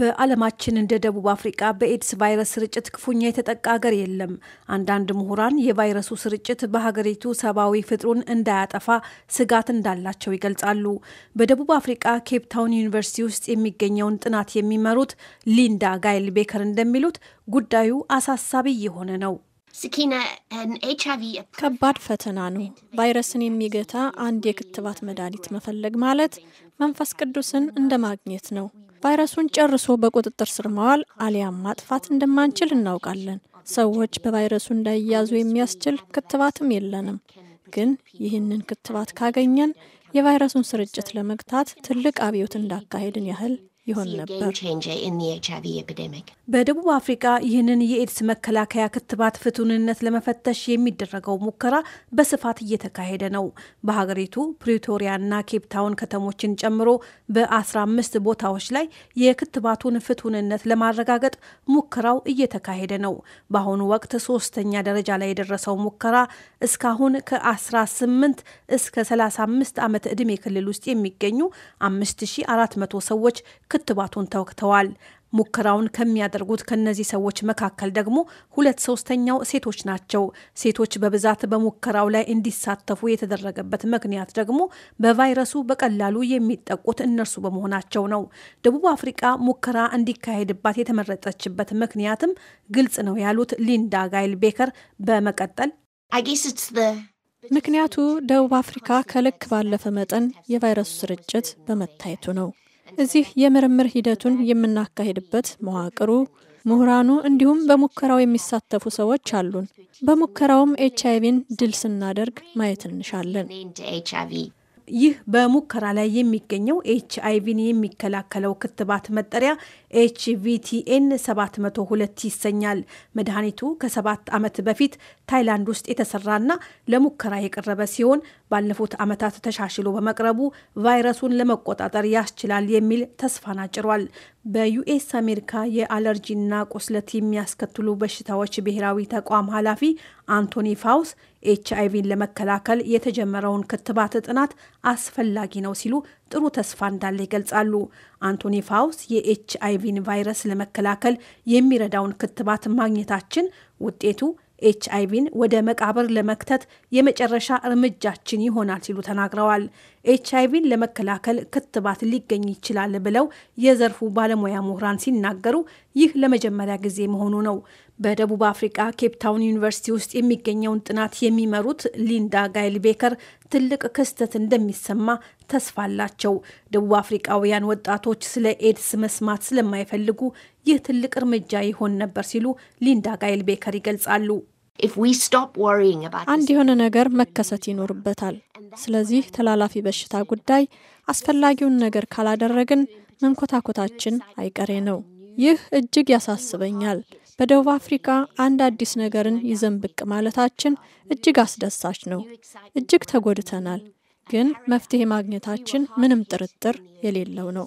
በዓለማችን እንደ ደቡብ አፍሪቃ በኤድስ ቫይረስ ስርጭት ክፉኛ የተጠቃ ሀገር የለም። አንዳንድ ምሁራን የቫይረሱ ስርጭት በሀገሪቱ ሰብአዊ ፍጥሩን እንዳያጠፋ ስጋት እንዳላቸው ይገልጻሉ። በደቡብ አፍሪቃ ኬፕታውን ዩኒቨርሲቲ ውስጥ የሚገኘውን ጥናት የሚመሩት ሊንዳ ጋይል ቤከር እንደሚሉት ጉዳዩ አሳሳቢ የሆነ ነው። ከባድ ፈተና ነው። ቫይረስን የሚገታ አንድ የክትባት መድኃኒት መፈለግ ማለት መንፈስ ቅዱስን እንደ ማግኘት ነው። ቫይረሱን ጨርሶ በቁጥጥር ስር መዋል አሊያም ማጥፋት እንደማንችል እናውቃለን። ሰዎች በቫይረሱ እንዳይያዙ የሚያስችል ክትባትም የለንም። ግን ይህንን ክትባት ካገኘን የቫይረሱን ስርጭት ለመግታት ትልቅ አብዮት እንዳካሄድን ያህል ይሆን ነበር። በደቡብ አፍሪካ ይህንን የኤድስ መከላከያ ክትባት ፍቱንነት ለመፈተሽ የሚደረገው ሙከራ በስፋት እየተካሄደ ነው። በሀገሪቱ ፕሪቶሪያና ኬፕታውን ከተሞችን ጨምሮ በ15 ቦታዎች ላይ የክትባቱን ፍቱንነት ለማረጋገጥ ሙከራው እየተካሄደ ነው። በአሁኑ ወቅት ሶስተኛ ደረጃ ላይ የደረሰው ሙከራ እስካሁን ከ18 እስከ 35 ዓመት ዕድሜ ክልል ውስጥ የሚገኙ 5400 ሰዎች ክትባቱን ተወክተዋል። ሙከራውን ከሚያደርጉት ከነዚህ ሰዎች መካከል ደግሞ ሁለት ሶስተኛው ሴቶች ናቸው። ሴቶች በብዛት በሙከራው ላይ እንዲሳተፉ የተደረገበት ምክንያት ደግሞ በቫይረሱ በቀላሉ የሚጠቁት እነርሱ በመሆናቸው ነው። ደቡብ አፍሪቃ ሙከራ እንዲካሄድባት የተመረጠችበት ምክንያትም ግልጽ ነው ያሉት ሊንዳ ጋይል ቤከር በመቀጠል ምክንያቱ ደቡብ አፍሪካ ከልክ ባለፈ መጠን የቫይረሱ ስርጭት በመታየቱ ነው። እዚህ የምርምር ሂደቱን የምናካሄድበት መዋቅሩ ምሁራኑ እንዲሁም በሙከራው የሚሳተፉ ሰዎች አሉን። በሙከራውም ኤች አይቪን ድል ስናደርግ ማየት እንሻለን። ይህ በሙከራ ላይ የሚገኘው ኤች አይቪን የሚከላከለው ክትባት መጠሪያ ኤችቪቲኤን 702 ይሰኛል። መድኃኒቱ ከሰባት ዓመት በፊት ታይላንድ ውስጥ የተሰራና ለሙከራ የቀረበ ሲሆን ባለፉት ዓመታት ተሻሽሎ በመቅረቡ ቫይረሱን ለመቆጣጠር ያስችላል የሚል ተስፋን አጭሯል። በዩኤስ አሜሪካ የአለርጂና ቁስለት የሚያስከትሉ በሽታዎች ብሔራዊ ተቋም ኃላፊ አንቶኒ ፋውስ ኤች አይቪን ለመከላከል የተጀመረውን ክትባት ጥናት አስፈላጊ ነው ሲሉ ጥሩ ተስፋ እንዳለ ይገልጻሉ። አንቶኒ ፋውስ የኤች አይቪን ቫይረስ ለመከላከል የሚረዳውን ክትባት ማግኘታችን ውጤቱ ኤች አይቪን ወደ መቃብር ለመክተት የመጨረሻ እርምጃችን ይሆናል ሲሉ ተናግረዋል። ኤች አይቪን ለመከላከል ክትባት ሊገኝ ይችላል ብለው የዘርፉ ባለሙያ ምሁራን ሲናገሩ ይህ ለመጀመሪያ ጊዜ መሆኑ ነው። በደቡብ አፍሪቃ ኬፕታውን ዩኒቨርሲቲ ውስጥ የሚገኘውን ጥናት የሚመሩት ሊንዳ ጋይል ቤከር ትልቅ ክስተት እንደሚሰማ ተስፋ አላቸው። ደቡብ አፍሪቃውያን ወጣቶች ስለ ኤድስ መስማት ስለማይፈልጉ ይህ ትልቅ እርምጃ ይሆን ነበር ሲሉ ሊንዳ ጋይል ቤከር ይገልጻሉ። አንድ የሆነ ነገር መከሰት ይኖርበታል። ስለዚህ ተላላፊ በሽታ ጉዳይ አስፈላጊውን ነገር ካላደረግን መንኮታኮታችን አይቀሬ ነው። ይህ እጅግ ያሳስበኛል። በደቡብ አፍሪካ አንድ አዲስ ነገርን ይዘን ብቅ ማለታችን እጅግ አስደሳች ነው። እጅግ ተጎድተናል፣ ግን መፍትሄ ማግኘታችን ምንም ጥርጥር የሌለው ነው።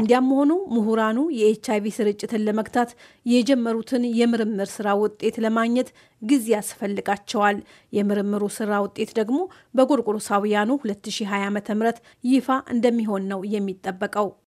እንዲያም ሆኑ ምሁራኑ የኤች አይቪ ስርጭትን ለመግታት የጀመሩትን የምርምር ስራ ውጤት ለማግኘት ጊዜ ያስፈልጋቸዋል። የምርምሩ ስራ ውጤት ደግሞ በጎርጎሮሳውያኑ 2020 ዓ.ም ይፋ እንደሚሆን ነው የሚጠበቀው።